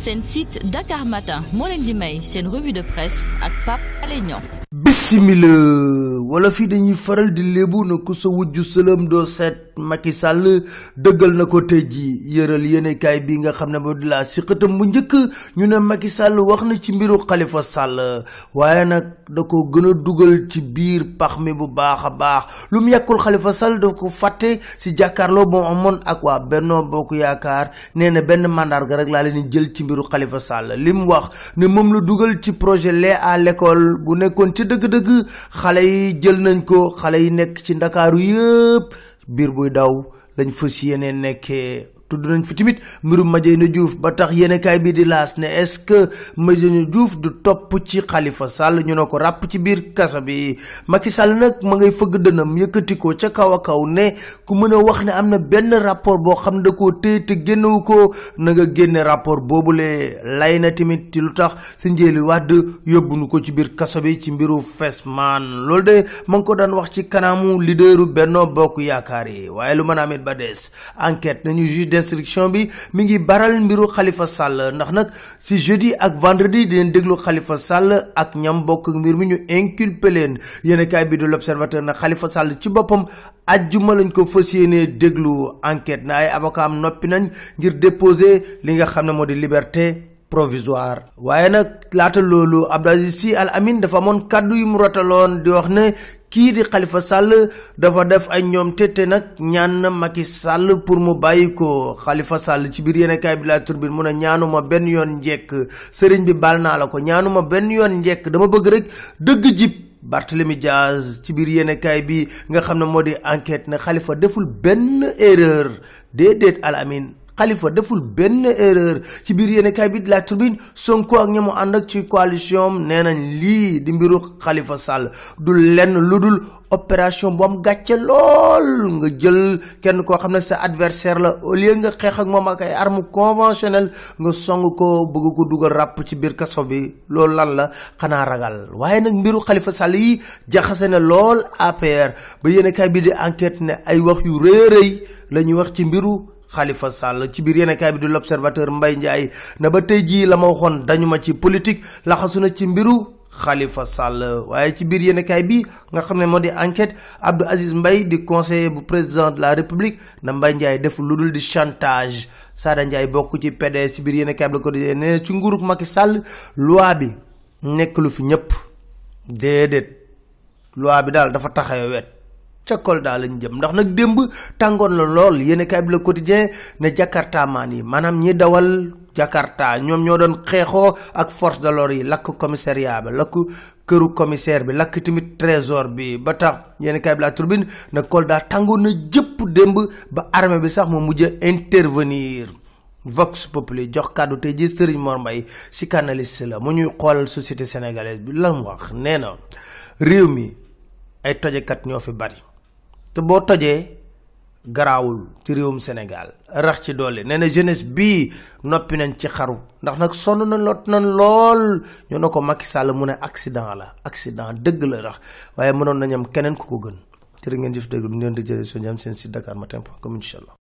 seen site Dakar Matin moo leen di may seen revue de presse ak Pape Alé Niang simila wala fii dañuy faral di léebu na ku sa wujju sëlam doo seet Macky Sall dëggal na ko tëj ji yëral yéenekaay bi nga xam ne ba di si xëtam bu njëkk ñu ne Macky Sall wax na ci mbiru Khalifa Sall waaye nag da ko gën a dugal ci biir pax mi bu baax a baax lu mu yàkkul Khalifa Sall da ko fàtte si jàkkaarloo boo amoon ak waa Benno Bokk Yaakaar nee na benn mandarga rek laa leen jël ci mbiru Khalifa Sall li mu wax ne moom la dugal ci projet lait à l'école dëgg xale yi jël nañ ko xale yi nekk ci ndakaaru yëpp biir buy daw lañ fas yeneen nekkee tudd nañ fi tamit mbirum Madiène Diouf ba tax yéenekaay bii di laas ne est-ce que Madiène Diouf du topp ci xalifa Sall ñu ne ko ràpp ci biir kaso bi Macky Sall nag ma ngay fëgg dënam yëkkatikoo ca kaw a kaw ne ku mën a wax ne am na benn rapport boo xam ne da koo téye te génnewu ko na nga génne rapport boobule lay na tamit ci lu tax si njëli wàdd yóbbuñu ko ci biir kaso bi ci mbiru Fesman loolu de ma ngi ko daan wax ci kanamu leaderu Benno Bokk Yaakaar yi waaye lu mën a amit d'instruction bi mu ngi baral mbiru xalifa Sall ndax nag si jeudi ak vendredi dinañ déglu xalifa Sall ak ñam bokk mbir mu ñu inculpé leen yéenekaay bi de l'Observateur na xalifa Sall ci boppam ajjuma lañ ko fas yéenee déglu enquête na avocat noppi nañ ngir déposé li nga xam ne moo di liberté provisoire waaye nag laata loolu Abdou Aziz Sy dafa amoon kàddu yi mu rotaloon di wax ne kii di xalifa Sall dafa def ay ñoom tete nag ñaan na Macky Sall pour mu bàyyi ko Khalifa Sall ci biir yéenekaay bi La Tribune mu ne ñaanuma benn yoon njekk sëriñ bi baal naa la ko ñaanu ma benn yoon njekk dama bëgg rek dëgg jib Barthélemy Diaz ci biir yéenekaay bi nga xam ne moo di enquête ne xalifa deful benn erreur déedéet Al Amine xalifa deful benn erreur ci biir yéenekaay bi di La Tribune Sonko ak ñamu ànd ak ci coalition nee nañ lii di mbiru xalifa Sall du lenn lu dul opération bu am lool nga jël kenn koo xam ne sa adversaire la au lieu nga xeex ak moom ak ay armes conventionnelles nga song ko bëgg ko dugal ràpp ci biir kaso bi loolu lan la xanaa ragal waaye nag mbiru xalifa Sall yi jaxase na lool APR ba yéenekaay bi di enquête ne ay wax yu rëy rëy la wax ci mbiru. Khalifa Sall ci biir yéenekaay bi du l'observateur mbay Ndiaye na ba tey jii la ma waxoon dañu ma ci politique laxasu na ci mbiru. Khalifa Sall waaye ci biir yéenekaay bi nga xam ne moo di enquête Abdou Aziz mbay di conseiller bu président de la République na Mbaye Ndiaye def lu dul di chantage Sada Ndiaye bokk ci PDS ci biir yéenekaay bi la ko di nee ci nguurug Macky sàll loi bi nekk lu fi ñëpp déedéet loi bi daal dafa taxaw wet ca lañu jëm ndax nag démb tàngoon la lool yéen kay bi Le Quotidien ne Jakarta maan yi maanaam ñi dawal Jakarta ñoom ñoo doon xeexoo ak force de l'ordre yi lakk commissariat ba lakk këru commissaire bi lakk tamit trésor bi ba tax La Tribune na Kolda tàngoon na jëpp démb ba armée bi sax mu mujj intervenir Vox Populi jox kàddu tey ji Serigne Mor Mbaye psychanalyste la mu ñuy xoolal société sénégalaise bi lam wax nee naa réew mi ay tojekat ñoo fi bari te boo tojee garaawul ci réewum Sénégal rax ci doole nee na jeunesse bii noppi nañ ci xaru ndax nag sonn na lot nañ lool ñu ne ko Macky Sall mu ne accident la accident dëgg la rax waaye mënoon nañu am keneen ku ko gën jërë ngeen jëf dëgg bu ngeen di jëlee suñu am seen site Dakar Matin point com incha allah